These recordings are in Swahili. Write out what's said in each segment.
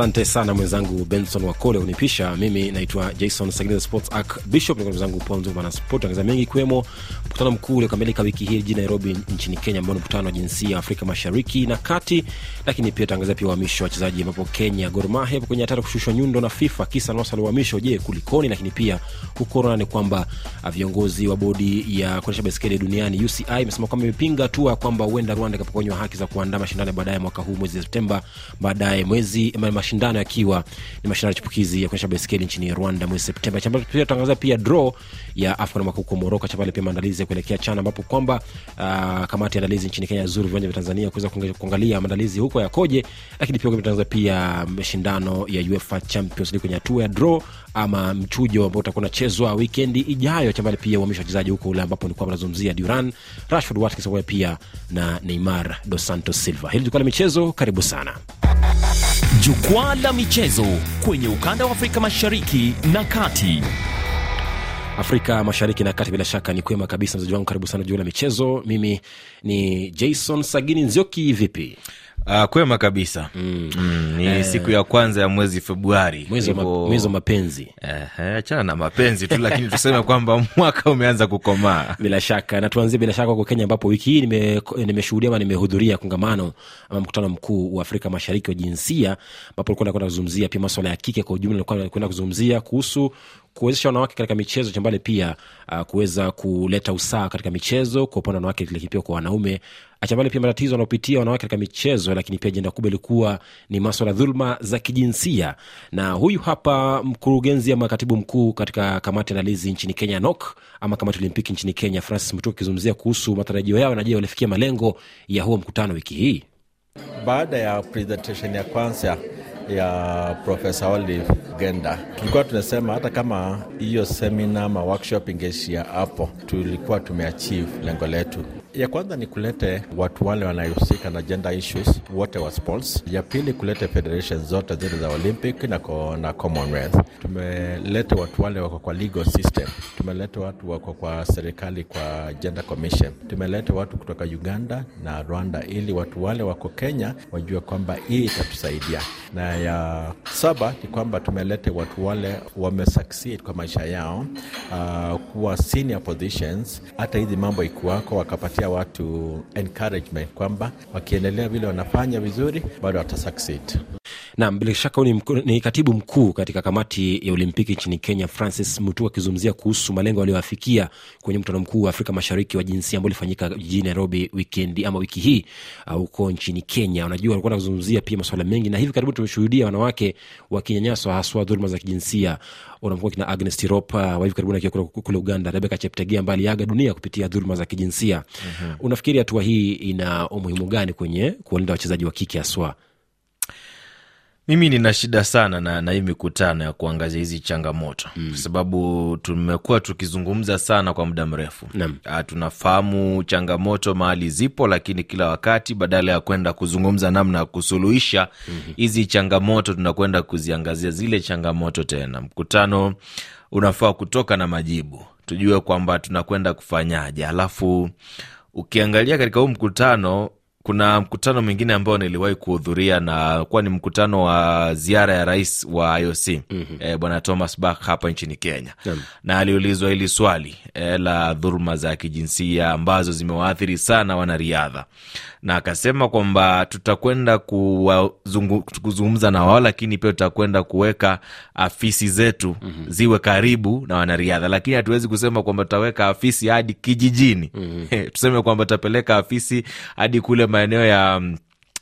Asante sana mwenzangu Benson Wakole unipisha. Mimi naitwa Jason Sagina, sports arc bishop, ni mwenzangu Ponzo Bana Sport, angeza mengi ikiwemo Mkutano mkuu uliokamilika wiki hii jijini Nairobi nchini Kenya, ambao ni mkutano wa jinsia Afrika Mashariki na Kati, lakini pia tangazia pia uhamisho wa wachezaji, ambapo Kenya Gor Mahia kwenye hatari kushushwa nyundo na FIFA kisa na la uhamisho. Je, kulikoni? Lakini pia kukorona ni kwamba ah, viongozi wa bodi ya kuendesha baiskeli duniani UCI imesema kwamba imepinga hatua kwamba huenda Rwanda ikapokonywa haki za kuandaa mashindano baadaye mwaka huu mwezi Septemba, baadaye mwezi mashindano yakiwa ni mashindano ya chipukizi ya kuendesha baiskeli nchini Rwanda mwezi Septemba. Tangazia pia pia draw ya afgan mwaka huko Moroko, chapale pia maandalizi ya kuelekea chana ambapo kwamba uh, kamati ya andalizi nchini Kenya zuru viwanja vya Tanzania kuweza kuangalia maandalizi huko yakoje, lakini pia kumetangaza pia mashindano ya UEFA Champions League kwenye hatua ya draw ama mchujo ambao utakuwa unachezwa wikendi ijayo, chambali pia uamisha wachezaji huko ule ambapo nilikuwa anazungumzia Duran, Rashford, Watkins pamoja pia na Neymar dos Santos Silva. Hili jukwaa la michezo, karibu sana jukwaa la michezo kwenye ukanda wa Afrika Mashariki na Kati. Afrika Mashariki na Kati. Bila shaka ni kwema kabisa, mzaji wangu, karibu sana juu la michezo. Mimi ni Jason Sagini Nzioki, vipi? Uh, kwema kabisa mm. Mm, ni eh, siku ya kwanza ya mwezi Februari, mwezi wa mapenzi. Achana eh, na mapenzi tu lakini tuseme kwamba mwaka umeanza kukomaa bila shaka, na tuanzie bila shaka huko Kenya, ambapo wiki hii nimeshuhudia nime ama nimehudhuria kongamano ama mkutano mkuu wa Afrika Mashariki wa jinsia, ambapo ulikuwa nakwenda kuzungumzia pia maswala ya kike kwa ujumla, ulikuwa nakwenda kuzungumzia kuhusu kuwezesha wanawake katika michezo chambale pia uh, kuweza kuleta usawa katika michezo kwa upande wanawake lakini kwa wanaume achambale ah, pia matatizo wanaopitia wanawake katika michezo lakini pia jenda kubwa ilikuwa ni maswala dhuluma za kijinsia na huyu hapa mkurugenzi ama katibu mkuu katika kamati analizi nchini kenya nok ama kamati olimpiki nchini kenya francis mtu akizungumzia kuhusu matarajio yao na je walifikia malengo ya huo mkutano wiki hii baada ya presentation ya kwanza ya Profesa Olive Genda. Tulikuwa tunasema hata kama hiyo semina ama workshop ingeishia hapo, tulikuwa tumeachieve lengo letu. Ya kwanza ni kulete watu wale wanaohusika na gender issues wote wa sports. Ya pili kulete federation zote zile za Olympic na, ko, na Commonwealth. Tumelete watu wale wako kwa legal system, tumelete watu wako kwa serikali kwa gender commission, tumelete watu kutoka Uganda na Rwanda ili watu wale wako Kenya wajue kwamba hii itatusaidia. Na ya saba ni kwamba tumelete watu wale wamesucceed kwa maisha yao, uh, kuwa senior positions, hata hizi mambo ikuwako wakapata kuwapatia watu encouragement kwamba wakiendelea vile wanafanya vizuri bado watasucceed nam bila shaka ni, ni katibu mkuu katika kamati ya Olimpiki nchini Kenya, Francis mutu akizungumzia kuhusu malengo aliyoafikia kwenye mkutano mkuu wa Afrika Mashariki wa jinsia ambao ulifanyika jijini Nairobi wikendi ama wiki hii uh, huko nchini Kenya. Unajua, alikuwa nakuzungumzia pia masuala mengi, na hivi karibuni tumeshuhudia wanawake wakinyanyaswa haswa dhuluma za kijinsia unamkua kina Agnes tiropa wa hivi karibuni akiwa kule Uganda, Rebeka cheptege ambaye aliaga dunia kupitia dhuluma za kijinsia. mm -hmm. Unafikiri hatua hii ina umuhimu gani kwenye kuwalinda wachezaji wa kike haswa? Mimi nina shida sana na, na hii mikutano ya kuangazia hizi changamoto mm. kwa sababu tumekuwa tukizungumza sana kwa muda mrefu mm. tunafahamu changamoto mahali zipo, lakini kila wakati badala ya kwenda kuzungumza namna ya kusuluhisha mhm. hizi mm-hmm. changamoto tunakwenda kuziangazia zile changamoto tena. Mkutano unafaa kutoka na majibu, tujue kwamba tunakwenda kufanyaje, alafu ukiangalia katika huu mkutano kuna mkutano mwingine ambao niliwahi kuhudhuria na kuwa ni mkutano wa ziara ya rais wa IOC mm-hmm. e, eh, bwana Thomas Bach hapa nchini Kenya mm-hmm. na aliulizwa hili swali e, la dhuluma za kijinsia ambazo zimewaathiri sana wanariadha na akasema kwamba tutakwenda kuzungumza na wao, lakini pia tutakwenda kuweka afisi zetu mm -hmm. ziwe karibu na wanariadha, lakini hatuwezi kusema kwamba tutaweka afisi hadi kijijini mm -hmm. tuseme kwamba tutapeleka afisi hadi kule maeneo ya mm,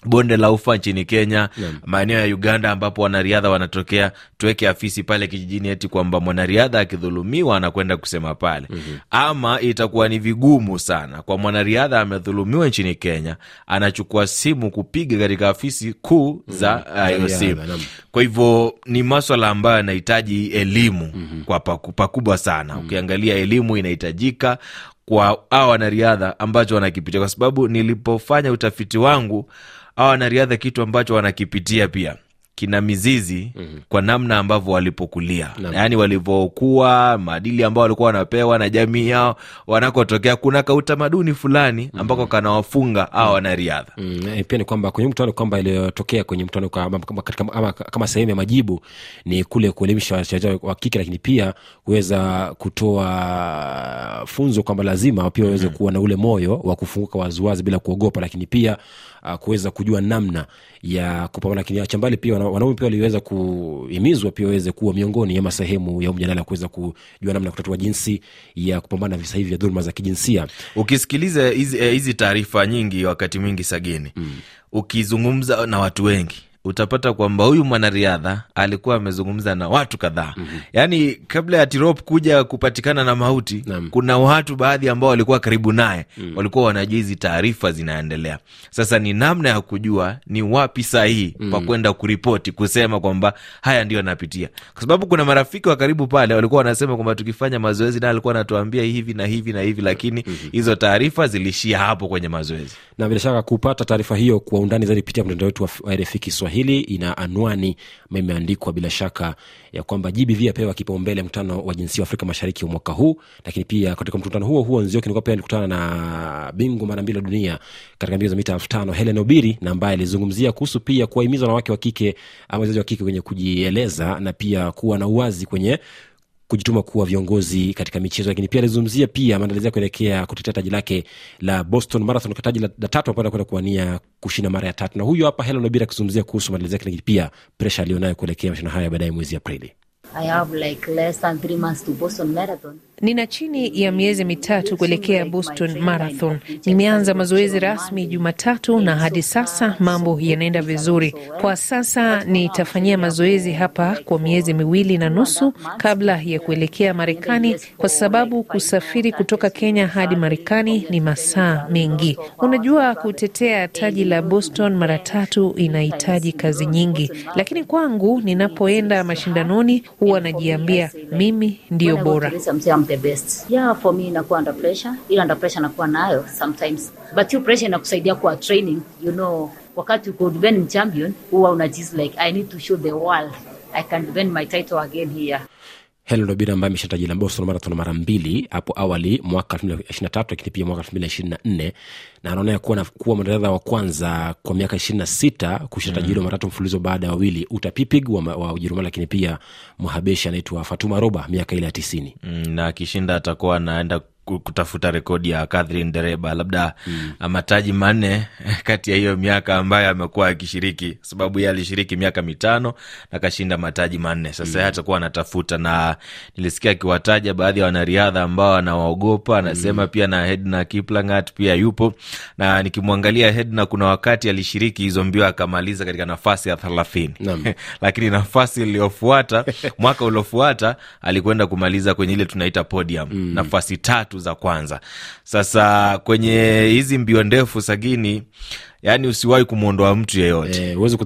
bonde la ufa nchini Kenya, maeneo ya Uganda ambapo wanariadha wanatokea. Tuweke afisi pale kijijini, eti kwamba mwanariadha akidhulumiwa anakwenda kusema pale mm -hmm. Ama itakuwa ni vigumu sana kwa mwanariadha amedhulumiwa nchini Kenya, anachukua simu kupiga katika afisi kuu mhm. za IOC mm -hmm. Kwa hivyo ni maswala ambayo yanahitaji elimu mm -hmm. kwa pakubwa sana mm -hmm. Ukiangalia elimu inahitajika kwa hawa wanariadha ambacho wanakipitia, kwa sababu nilipofanya utafiti wangu hawa wanariadha kitu ambacho wanakipitia pia kina mizizi mm-hmm. kwa namna ambavyo walipokulia Nam. yaani walivyokuwa maadili ambao walikuwa wanapewa na jamii yao wanakotokea kuna kautamaduni fulani mhm. ambako mm-hmm. kanawafunga aa wanariadha mm-hmm. pia ni kwamba kwenye mkutano kwamba iliyotokea kwenye mkutano kama, kama sehemu ya majibu ni kule kuelimisha wachezaji wa kike lakini pia kuweza kutoa funzo kwamba lazima pia waweze mm-hmm. kuwa na ule moyo wa kufunguka waziwazi bila kuogopa lakini pia uh, kuweza kujua namna ya kupambana lakini achambali pia wanaume pia waliweza kuhimizwa pia waweze kuwa miongoni ama sehemu ya mjadala kuweza kujua namna ya kutatua jinsi ya kupambana visa hivi vya dhuluma za kijinsia ukisikiliza hizi eh, taarifa nyingi wakati mwingi sageni mm. ukizungumza na watu wengi utapata kwamba huyu mwanariadha alikuwa amezungumza na watu kadhaa mm -hmm. Yaani, kabla ya Tirop kuja kupatikana na mauti mm-hmm. kuna watu baadhi ambao walikuwa karibu naye mm. hmm walikuwa wanajua hizi taarifa zinaendelea. Sasa ni namna ya kujua ni wapi sahihi mm. hmm pakwenda kuripoti, kusema kwamba haya ndio anapitia, kwa sababu kuna marafiki wa karibu pale walikuwa wanasema kwamba tukifanya mazoezi naye alikuwa anatuambia hivi na hivi na hivi, lakini mm -hmm. hizo taarifa zilishia hapo kwenye mazoezi, na bila shaka kupata taarifa hiyo kwa undani zaidi pitia mtandao wetu wa RFI Kiswahili Kiswahili ina anwani ambayo imeandikwa bila shaka ya kwamba GBV apewa kipaumbele mkutano wa jinsia wa Afrika Mashariki wa mwaka huu. Lakini pia katika mkutano huo huo Nzioki nilikuwa pia nikutana na bingwa mara mbili wa dunia katika mbio za mita elfu tano Helen Obiri, na ambaye alizungumzia kuhusu pia kuwahimiza wanawake wa kike ama wazazi wa kike kwenye kujieleza na pia kuwa na uwazi kwenye kujituma kuwa viongozi katika michezo, lakini pia alizungumzia pia maandalizi ya kuelekea kutetea taji lake la Boston Marathon kwa taji la, tatu ambao anakwenda kuwania kushinda mara ya tatu, na huyo hapa Helen Obiri akizungumzia kuhusu maandalizi yake, lakini pia presha aliyonayo kuelekea mashindano ya baadaye mwezi Aprili. I have like less than three months to Boston Marathon. Nina chini ya miezi mitatu kuelekea Boston Marathon. Nimeanza mazoezi rasmi Jumatatu na hadi sasa mambo yanaenda vizuri. Kwa sasa nitafanyia mazoezi hapa kwa miezi miwili na nusu kabla ya uh, kuelekea Marekani, kwa sababu kusafiri kutoka Kenya hadi Marekani ni masaa mengi. Unajua, kutetea taji la Boston mara tatu inahitaji kazi nyingi, lakini kwangu ninapoenda mashindanoni huwa anajiambia mimi ndiyo bora. inakuwa nakuwa nayo but inakusaidia wakati uko defend champion huwa unajisi like I need to show the world I can defend my title again here. Helen Obiri ambaye ameshinda taji la Boston Marathon mara mbili hapo awali mwaka 2023 lakini pia mwaka 2024 na anaonea kuwa, kuwa mwanariadha wa kwanza kwa miaka 26 kushinda taji hilo mm. matatu mfululizo baada ya wawili Uta Pipig wa, wa Ujerumani, lakini pia mhabeshi anaitwa Fatuma Roba miaka ile ya tisini mm, na akishinda atakuwa anaenda kutafuta rekodi ya Catherine Dereba, labda mm. mataji manne kati ya hiyo miaka ambayo amekuwa akishiriki, sababu yeye alishiriki miaka mitano na kashinda mataji manne. Sasa mm. atakuwa anatafuta, na nilisikia akiwataja baadhi ya wanariadha ambao anawaogopa, anasema mm. pia na Hedna Kiplangat pia yupo, na nikimwangalia Hedna, kuna wakati alishiriki hizo mbio akamaliza katika nafasi ya thelathini lakini nafasi iliyofuata mwaka uliofuata alikwenda kumaliza kwenye ile tunaita podium mm. nafasi tatu tatu za kwanza. Sasa kwenye hizi mbio ndefu sagini yani usiwahi kumwondoa mtu yeyote, eh, huwezi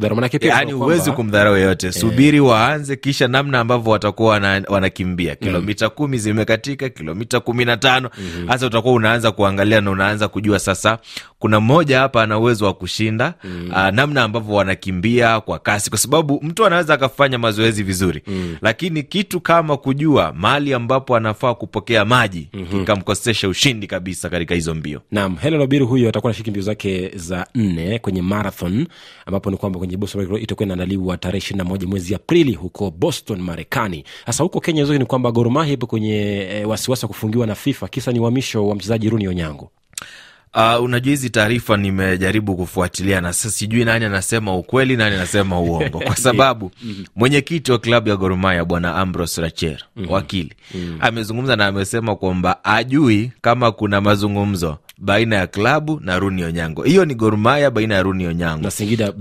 yani huwezi kumdharau yeyote eh. Subiri waanze, kisha namna ambavyo watakuwa wana, wanakimbia mm. kilomita mm. kumi zimekatika kilomita kumi na tano mm hasa -hmm. utakuwa unaanza kuangalia na unaanza kujua sasa, kuna mmoja hapa ana uwezo wa kushinda mm. uh, namna ambavyo wanakimbia kwa kasi, kwa sababu mtu anaweza akafanya mazoezi vizuri mm. lakini kitu kama kujua mahali ambapo anafaa kupokea maji mm -hmm. kikamkosesha ushindi kabisa katika hizo mbio. Naam, Helen Obiri huyo atakuwa anashiriki mbio zake za nne kwenye marathon ambapo ni kwamba kwenye Boston itakuwa inaandaliwa tarehe ishirini na moja mwezi Aprili huko Boston, Marekani. Sasa huko Kenya zote ni kwamba Gor Mahia ipo kwenye eh, wasiwasi wa kufungiwa na FIFA, kisa ni uhamisho wa mchezaji Runi Onyango. Uh, unajua hizi taarifa nimejaribu kufuatilia na sa sijui nani anasema ukweli, nani anasema uongo, kwa sababu mm-hmm. mwenyekiti wa klabu ya Gor bwana ambros Racher mm-hmm. wakili mm-hmm. amezungumza na amesema kwamba ajui kama kuna mazungumzo baina ya klabu na Runi Onyango. Hiyo ni Gor Mahia baina ya Runi Onyango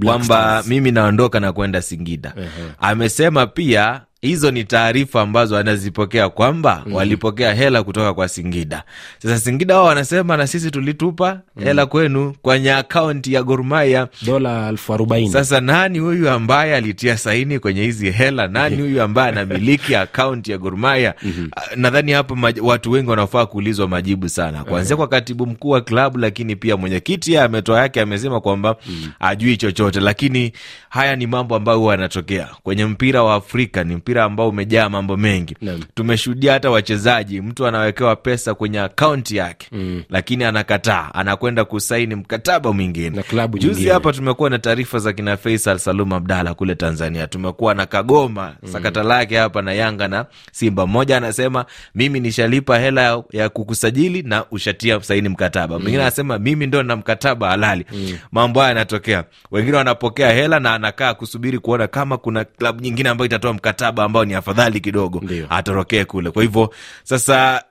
kwamba mimi naondoka na kwenda Singida. uh -huh. Amesema pia hizo ni taarifa ambazo anazipokea kwamba mm. walipokea hela kutoka kwa Singida. Sasa Singida wao wanasema na sisi tulitupa mm. hela kwenu kwenye akaunti ya Gor Mahia dola elfu arobaini. Sasa nani huyu ambaye alitia saini kwenye hizi hela? Nani huyu ambaye anamiliki akaunti ya Gor Mahia? mm -hmm. Nadhani hapa watu wengi wanafaa kuulizwa majibu sana, kuanzia kwa katibu mkuu kuwa klabu, lakini pia mwenyekiti ametoa yake, amesema kwamba mm. ajui chochote, lakini haya ni mambo ambayo huwa yanatokea kwenye mpira wa Afrika. Ni mpira ambao umejaa mambo mengi mm. tumeshuhudia hata wachezaji, mtu anawekewa pesa kwenye akaunti yake mm. lakini anakataa, anakwenda kusaini mkataba mwingine. Juzi hapa tumekuwa na taarifa za kina Faisal Salum Abdala kule Tanzania, tumekuwa na Kagoma mm. sakata lake hapa na Yanga na Simba. Mmoja anasema mimi nishalipa hela ya kukusajili na ushatia saini mkataba mkataba mm. mwingine mm. anasema mimi ndo na mkataba halali mm. mambo haya yanatokea, wengine wanapokea hela na anakaa kusubiri kuona kama kuna klabu nyingine ambayo itatoa mkataba ambao ni afadhali kidogo, atorokee kule. Kwa hivyo sasa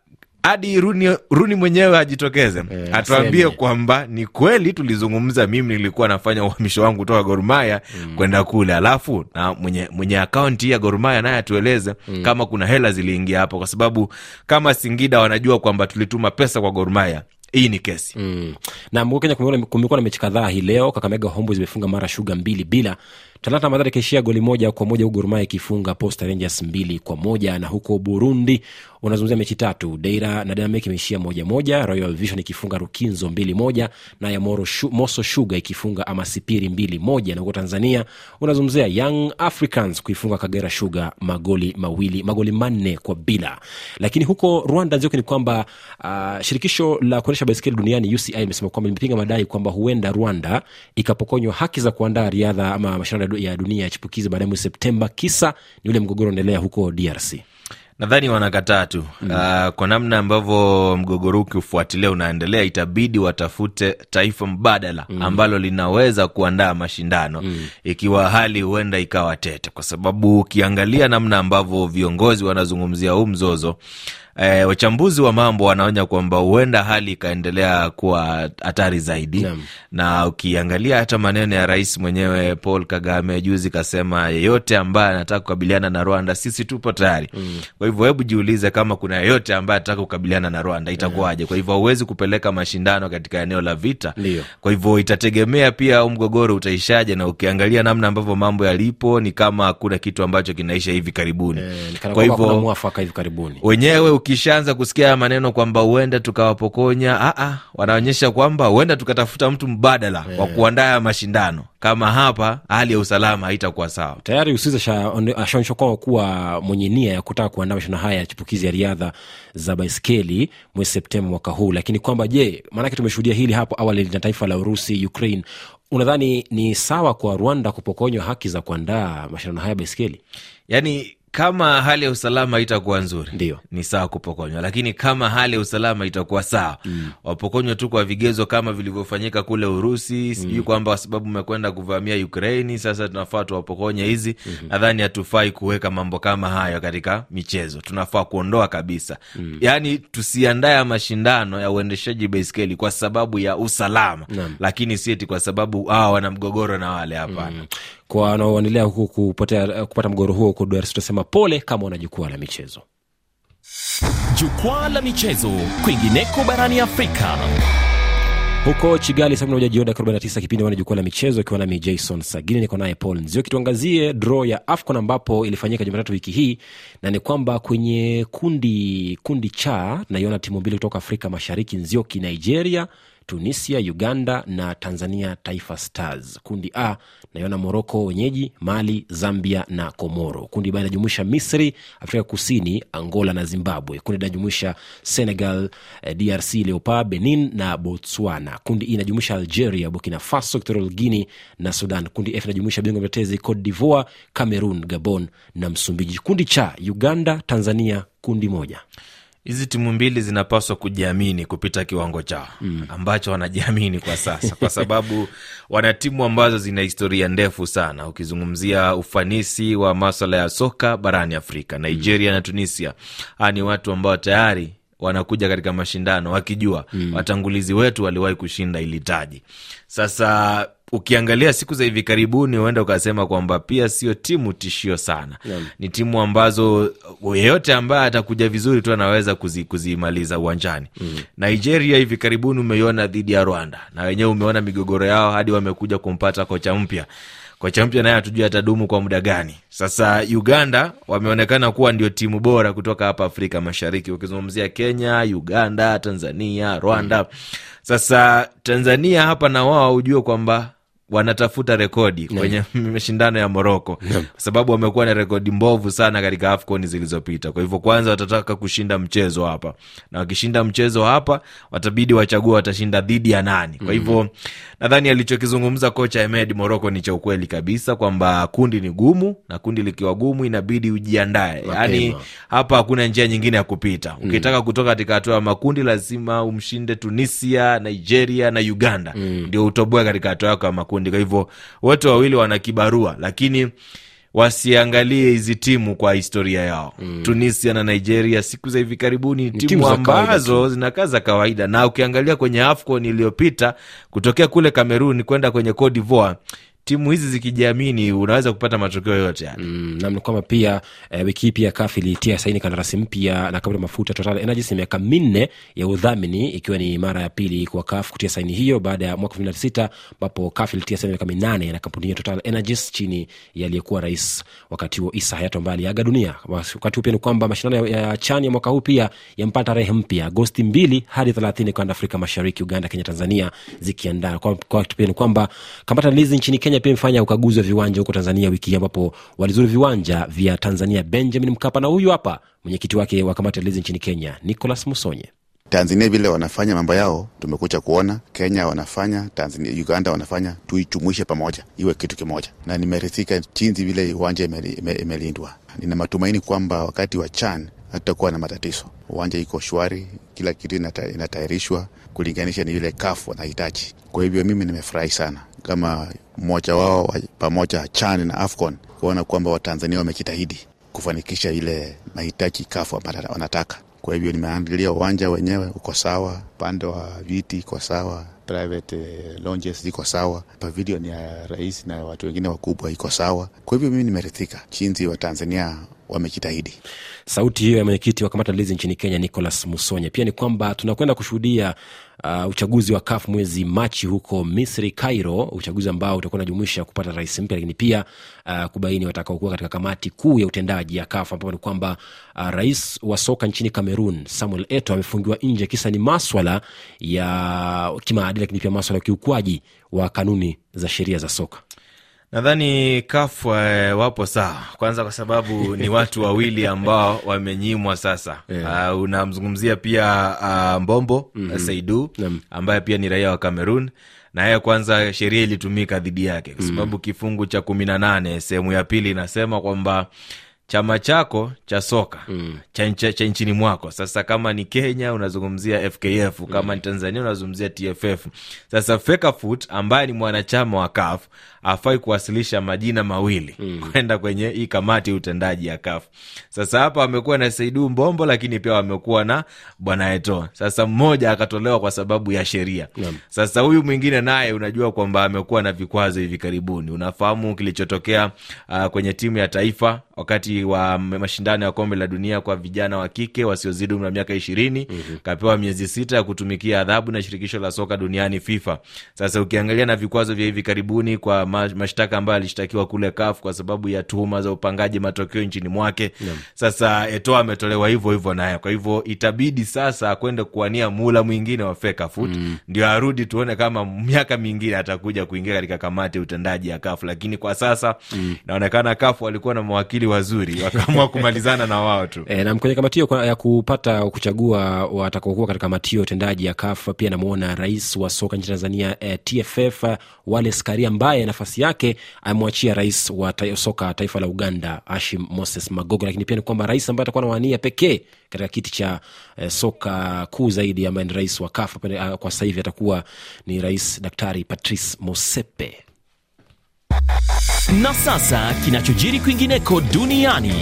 hadi Runi, Runi mwenyewe ajitokeze yeah, atuambie kwamba ni kweli tulizungumza, mimi nilikuwa nafanya uhamisho wangu kutoka gorumaya mm. kwenda kule, alafu na mwenye, mwenye akaunti ya gorumaya naye atueleze mm. kama kuna hela ziliingia hapo, kwa sababu kama Singida wanajua kwamba tulituma pesa kwa gorumaya hii ni kesi mm. na Kenya kumekuwa na mechi kadhaa hii leo. Kakamega Hombo zimefunga mara shuga mbili bila Talata Madhara ikaishia goli moja kwa moja, huku gurumaa ikifunga Posta Rangers mbili kwa moja. Na huko Burundi unazungumzia mechi tatu, Deira na Dynamic imeishia moja moja, Royal Vision ikifunga Rukinzo mbili moja, nayo Moso shuga ikifunga Amasipiri mbili moja. Na huko Tanzania unazungumzia Young Africans kuifunga Kagera shuga magoli mawili magoli manne kwa bila. Lakini huko Rwanda zioke ni kwamba uh, shirikisho la kuendesha baiskeli duniani UCI imesema kwamba limepinga madai kwamba huenda Rwanda ikapokonywa haki za kuandaa riadha ama mashindano ya dunia ya chipukizi baadaye mwezi Septemba. Kisa ni ule mgogoro unaendelea huko DRC. Nadhani wanakataa tu mm. Uh, kwa namna ambavyo mgogoro huu unaendelea, itabidi watafute taifa mbadala mm. ambalo linaweza kuandaa mashindano mm. ikiwa hali huenda ikawa tete, kwa sababu ukiangalia namna ambavyo viongozi wanazungumzia huu mzozo eh, wachambuzi wa mambo wanaonya kwamba huenda hali ikaendelea kuwa hatari zaidi Naam. na ukiangalia hata maneno ya rais mwenyewe Paul Kagame juzi kasema, yeyote ambaye anataka kukabiliana na Rwanda sisi tupo tayari mm. kwa hivyo hebu jiulize kama kuna yeyote ambaye anataka kukabiliana na Rwanda itakuwaje? Kwa hivyo hauwezi kupeleka mashindano katika eneo la vita Lio. kwa hivyo itategemea pia au mgogoro utaishaje, na ukiangalia namna ambavyo mambo yalipo ni kama hakuna kitu ambacho kinaisha hivi karibuni e, kwa hivyo wenyewe ukishaanza kusikia maneno kwamba huenda tukawapokonya, aa, ah, ah, wanaonyesha kwamba huenda tukatafuta mtu mbadala yeah, wa eh. kuandaa mashindano kama hapa hali ya usalama haitakuwa sawa. Tayari Uswizi ashaonyeshwa kwao kuwa mwenye nia ya kutaka kuandaa mashindano haya ya chipukizi ya riadha za baiskeli mwezi Septemba mwaka huu, lakini kwamba je, maanake tumeshuhudia hili hapo awali na taifa la Urusi, Ukraine. Unadhani ni sawa kwa Rwanda kupokonywa haki za kuandaa mashindano haya baiskeli? Yani kama hali ya usalama itakuwa nzuri ndio ni sawa kupokonywa, lakini kama hali ya usalama itakuwa sawa mm. wapokonywa tu kwa vigezo kama vilivyofanyika kule Urusi, sijui mm. kwamba sababu mekwenda kuvamia Ukraini, sasa tunafaa tuwapokonye hizi mm -hmm. Nadhani hatufai kuweka mambo kama hayo katika michezo, tunafaa kuondoa kabisa mm. Yaani tusiandae mashindano ya uendeshaji baiskeli kwa sababu ya usalama Nam. Lakini sieti kwa sababu awa ah, wana mgogoro na wale hapana mm kwa wanaoendelea huku kupotea, kupata mgogoro huo huko DRC tunasema pole kama wana jukwaa la michezo. Jukwaa la michezo kwingineko barani Afrika huko Chigali saa kumi na moja jioni dakika tisa kipindi wana jukwaa la michezo, ikiwa nami Jason Sagini, niko naye Paul Nzio kituangazie dro ya AFCON ambapo ilifanyika Jumatatu wiki hii, na ni kwamba kwenye kundi kundi cha tunaiona timu mbili kutoka Afrika Mashariki, Nzioki, Nigeria Tunisia, Uganda na Tanzania Taifa Stars. Kundi A naiona Moroko wenyeji, Mali, Zambia na Komoro. Kundi B inajumuisha Misri, Afrika Kusini, Angola na Zimbabwe. Kundi inajumuisha Senegal, eh, DRC leopa Benin na Botswana. Kundi i e inajumuisha Algeria, Burkina Faso, Equatorial Guinea na Sudan. Kundi F inajumuisha bingwa mtetezi Cote d'Ivoire, Cameroon, Gabon na Msumbiji. Kundi cha Uganda, Tanzania kundi moja hizi timu mbili zinapaswa kujiamini kupita kiwango chao mm. ambacho wanajiamini kwa sasa kwa sababu wana timu ambazo zina historia ndefu sana ukizungumzia ufanisi wa maswala ya soka barani afrika mm. nigeria mm. na tunisia aa ni watu ambao tayari wanakuja katika mashindano wakijua mm. watangulizi wetu waliwahi kushinda ili taji sasa ukiangalia siku za hivi karibuni uenda ukasema kwamba pia sio timu tishio sana yeah. Ni timu ambazo uh, yeyote ambaye atakuja vizuri tu anaweza kuzimaliza kuzi uwanjani mm. Nigeria hivi karibuni umeiona dhidi ya Rwanda, na wenyewe umeona migogoro yao hadi wamekuja kumpata kocha mpya kocha mpya naye hatujui atadumu kwa muda gani. Sasa Uganda wameonekana kuwa ndio timu bora kutoka hapa Afrika Mashariki, ukizungumzia Kenya, Uganda, Tanzania, Rwanda. Mm. Sasa Tanzania hapa na wao ujue kwamba wanatafuta rekodi yeah. kwenye mashindano ya Moroko yeah. kwa sababu wamekuwa na rekodi mbovu sana katika AFCON zilizopita. Kwa hivyo, kwanza watataka kushinda mchezo hapa, na wakishinda mchezo hapa watabidi wachague watashinda dhidi ya nani. Kwa hivyo mm -hmm. nadhani alichokizungumza kocha emed Moroko ni cha ukweli kabisa kwamba kundi ni gumu, na kundi likiwa gumu inabidi ujiandae, okay, yaani no. hapa hakuna njia nyingine ya kupita mm -hmm. kutoka katika hatua ya makundi lazima umshinde Tunisia, Nigeria na Uganda mm -hmm. ndio utoboe katika hatua yako ya makundi makundi. Kwa hivyo wote wawili wana kibarua, lakini wasiangalie hizi timu kwa historia yao mm. Tunisia na Nigeria siku za hivi karibuni ni timu, ambazo zinakaa za kawaida, na ukiangalia kwenye AFCON iliyopita kutokea kule Kamerun kwenda kwenye Cote divoir timu hizi zikijiamini unaweza kupata matokeo yote yani. Mm, na ni kwamba pia e, wiki hii pia kafi ilitia saini kandarasi mpya na kampuni mafuta Total Energies miaka minne ya udhamini, ikiwa ni mara ya pili kwa kaf kutia saini hiyo baada ya mwaka elfu mbili na sita ambapo CAF ilitia saini miaka minane na kampuni hiyo Total Energies chini ya aliyekuwa rais wakati huo Isa Hayato ambaye aliaga dunia. Wakati huo pia ni kwamba mashindano ya, ya chani ya mwaka huu pia yampata tarehe mpya Agosti mbili hadi thelathini kwa Afrika Mashariki, Uganda, Kenya, Tanzania zikiandaa kwa, kwa, pia ni kwamba kamata lizi nchini Kenya Tanzania pia imefanya ukaguzi wa viwanja huko Tanzania wiki hii ambapo walizuru viwanja vya Tanzania Benjamin Mkapa, na huyu hapa mwenyekiti wake wa kamati alizi nchini Kenya Nicholas Musonye. Tanzania vile wanafanya mambo yao tumekucha kuona, Kenya wanafanya, Tanzania, Uganda wanafanya, tuichumuishe pamoja iwe kitu kimoja, na nimeridhika chinzi vile uwanja imelindwa. Nina matumaini kwamba wakati wa CHAN hatutakuwa na matatizo. Uwanja iko shwari, kila kitu inatayarishwa kulinganisha ni ile kafu wanahitaji. Kwa hivyo mimi nimefurahi sana kama mmoja wao pamoja chani na AFCON kuona kwamba Watanzania wamejitahidi kufanikisha ile mahitaji kafu ambayo wanataka. Kwa hivyo nimeandilia uwanja wenyewe uko sawa, upande wa viti iko sawa, private eh, lounges ziko sawa, pavilion ya rais na watu wengine wakubwa iko sawa. Kwa hivyo mimi nimerithika jinsi Watanzania wamejitahidi. Sauti hiyo ya mwenyekiti wa kamati lizi nchini Kenya, nicolas Musonye. Pia ni kwamba tunakwenda kushuhudia uh, uchaguzi wa kaf mwezi Machi huko Misri, Cairo, uchaguzi ambao utakuwa unajumuisha kupata rais mpya, lakini pia uh, kubaini watakaokuwa katika kamati kuu ya utendaji ya kaf ambapo ni kwamba uh, rais wa soka nchini Cameroon Samuel eto amefungiwa nje, kisa ni maswala ya kimaadili, lakini pia maswala ya ukiukwaji wa kanuni za sheria za soka. Nadhani CAF eh, wapo sawa, kwanza kwa sababu ni watu wawili ambao wamenyimwa sasa. Yeah. Uh, unamzungumzia pia uh, Mbombo mm -hmm. Saidu ambaye pia ni raia wa Cameroon na yeye kwanza sheria ilitumika dhidi yake kwa mhm. sababu mm -hmm. kifungu cha kumi na nane sehemu ya pili inasema kwamba chama chako cha soka mm. cha, cha nchini mwako. Sasa kama ni Kenya unazungumzia FKF, kama mm. ni Tanzania unazungumzia TFF. Sasa Fecafoot ambaye ni mwanachama wa CAF afai kuwasilisha majina mawili mm. kwenda kwenye hii kamati ya utendaji ya CAF. Sasa hapa wamekuwa na Saidu Mbombo, lakini pia wamekuwa na Bwana Eto'o. Sasa mmoja akatolewa kwa sababu ya sheria yeah. Sasa huyu mwingine naye unajua kwamba amekuwa na vikwazo hivi karibuni. Unafahamu kilichotokea uh, kwenye timu ya taifa wakati wa mashindano ya kombe la dunia kwa vijana wa kike wasiozidi umri wa miaka ishirini mm-hmm. kapewa miezi sita ya kutumikia adhabu na shirikisho la soka duniani FIFA. Sasa ukiangalia na vikwazo vya hivi karibuni kwa mashtaka ambayo alishtakiwa kule kaf kwa sababu ya tuhuma za upangaji matokeo nchini mwake yeah. Sasa eto ametolewa hivyo hivyo naye, kwa hivyo itabidi sasa akwende kuwania mula mwingine wa FECAFOOT mm. ndio arudi, tuone kama miaka mingine atakuja kuingia katika kamati ya utendaji ya CAF, lakini kwa sasa mm. inaonekana CAF walikuwa na mawakili wazuri, wakaamua kumalizana na wao tu e, na kwenye kamati hiyo ya kupata kuchagua watakaokuwa katika kamati hiyo utendaji ya CAF pia namwona rais wa soka nchini Tanzania eh, TFF wale skari ambaye nafasi yake amemwachia rais wa soka taifa la Uganda ashim Moses Magogo, lakini pia ni kwamba rais ambaye atakuwa nawania pekee katika kiti cha eh, soka kuu zaidi ambaye ni rais wa KAFU ah, kwa sasa hivi atakuwa ni rais Daktari Patrice Mosepe. Na sasa kinachojiri kwingineko duniani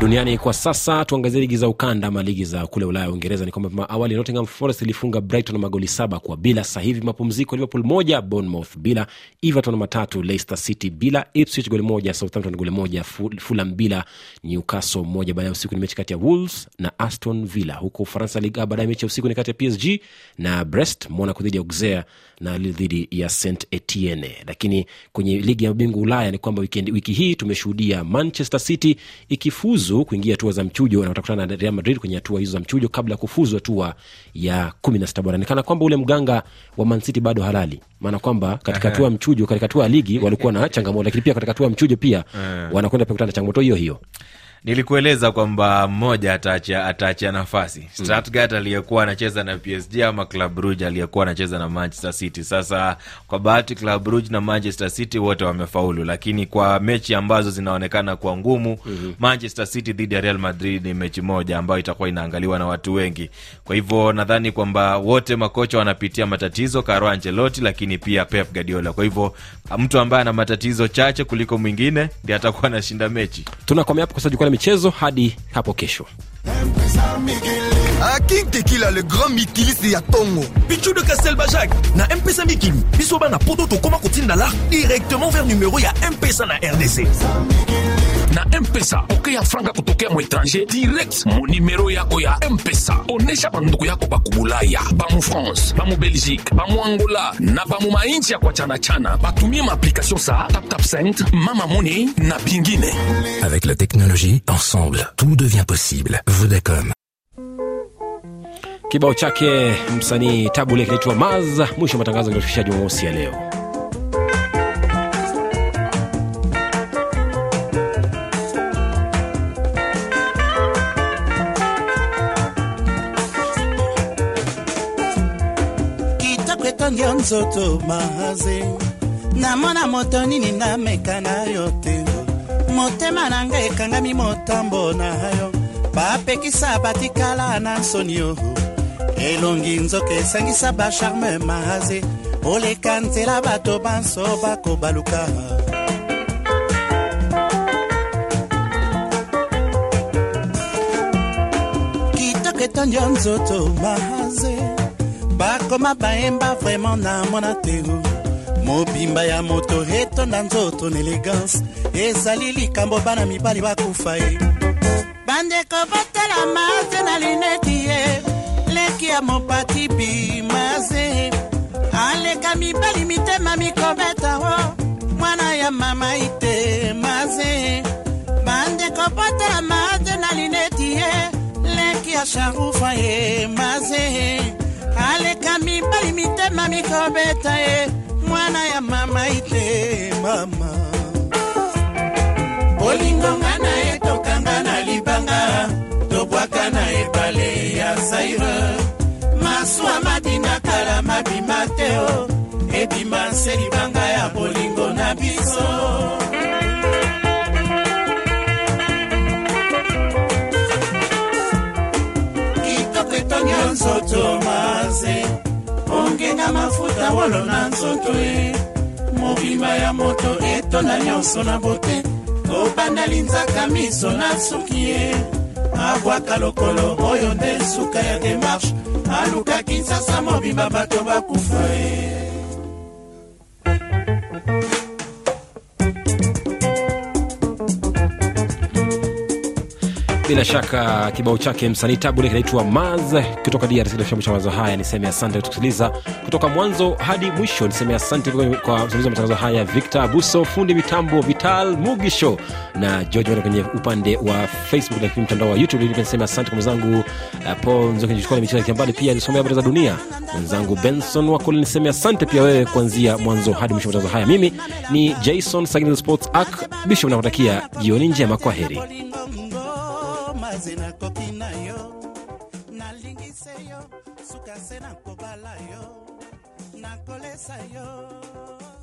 duniani kwa sasa. Tuangazie ligi za ukanda ama ligi za kule Ulaya ya Uingereza ni kwamba awali Nottingham Forest ilifunga Brighton magoli saba kwa bila. sahivi mapumziko, Liverpool moja Bournemouth bila, Everton matatu Leicester City bila, Ipswich goli moja Southampton goli moja Fulham bila, Newcastle moja. Baadaye usiku ni mechi kati ya Wolves na Aston Villa. Huko Ufaransa liga 1 baadaye mechi ya usiku ni kati ya PSG na Brest, Monaco dhidi ya Auxerre na Lille dhidi ya st Etienne. Lakini kwenye ligi ya mabingwa Ulaya ni kwamba wiki hii tumeshuhudia Manchester City ikifuzu kufuzu kuingia hatua za mchujo na watakutana na Real Madrid kwenye hatua hizo za mchujo kabla ya kufuzu hatua ya kumi na sita bora. Nikana kwamba ule mganga wa Man City bado halali, maana kwamba katika hatua ya mchujo, katika hatua ya ligi walikuwa na changamoto, lakini pia katika hatua ya mchujo pia wanakwenda pia kutana na changamoto hiyo hiyo nilikueleza kwamba mmoja ataachia ataachia nafasi mm. Stuttgart aliyekuwa anacheza na PSG ama Club Brugge aliyekuwa anacheza na Manchester City. Sasa kwa bahati Club Brugge na Manchester City wote wamefaulu, lakini kwa mechi ambazo zinaonekana kuwa ngumu mm-hmm. Manchester City dhidi ya Real Madrid ni mechi moja ambayo itakuwa inaangaliwa na watu wengi. Kwa hivyo nadhani kwamba wote makocha wanapitia matatizo, Carlo Ancelotti lakini pia Pep Guardiola. Kwa hivyo mtu ambaye ana matatizo chache kuliko mwingine ndi atakuwa anashinda mechi. Tunakomea hapo kwa sababu ya michezo hadi hapo kesho. aking tekila le grand mikilisi ya tongo pichu de castelbajac na mpesa mikili biso bana poto tokóma kotindala directement vers numero ya mpesa na rdc na mpesa okeya franga kutokea muetranje direct monimero yako ya mpesa onesha banduku yako bakubulaya bamu france bamu belgique bamu angola na bamu mainchi ya kwa chanachana batumie maapplication tap tap send mama money na bingine avec la technologie ensemble tout devient possible vodacom kibao chake msanii tabule kinaitwa maz mwisho matangazo yanayofikisha jumamosi ya leo nzoto mahaze namona moto nini nameka na yo te motema na ngai ekangami motambo na yo bapekisa batikala na nsoni o elongi nzoka esangisa basharme mahaze oleka nzela bato banso bakobaluka kitoko etondi yo nzoto mahaze bakoma bayemba vraimen na mwana tero mobimba ya moto etonda nzoto na elegance ezali likambo bana mibali bakufa ye bandeko botalama te na lineti ye leki ya mopati bimaze aleka mibali mitema mikobeta o mwana ya mama itemaze bandeko botalama te na lineti ye leki ya sharufa ye maze aleka mibali mitema mikobeta ye mwana ya mama ite mama bolingonga na ye tokanga na libanga tobwaka na ebale ya saire masuwa madina kala mabima te o ebima nse libanga ya bolingo na biso nzoto na mafuta wolo na nzoto e mobimba ya moto etonda nyonso na bote tobanda linzaka miso na suki ye abwaka lokolo oyo nde suka ya demarshe alukaki nsasa mobimba bato bakufa ye bila shaka kibao chake msanii tabule kinaitwa maz kutoka drc cha mazo haya niseme asante kutusikiliza kutoka mwanzo hadi mwisho niseme asante kwa msimamizi wa matangazo haya victor buso fundi mitambo vital mugisho na george mana kwenye upande wa facebook na mtandao wa youtube niseme asante kwa mwenzangu uh, paul nzokichukua na michezo kiambali pia nisomea bara za dunia mwenzangu benson wakule niseme asante pia wewe kuanzia mwanzo hadi mwisho matangazo haya mimi ni jason sagin sports ac bishop nakutakia jioni njema kwa heri baze nakoki na yo nalingise yo suka se nakobala yo nakolesa yo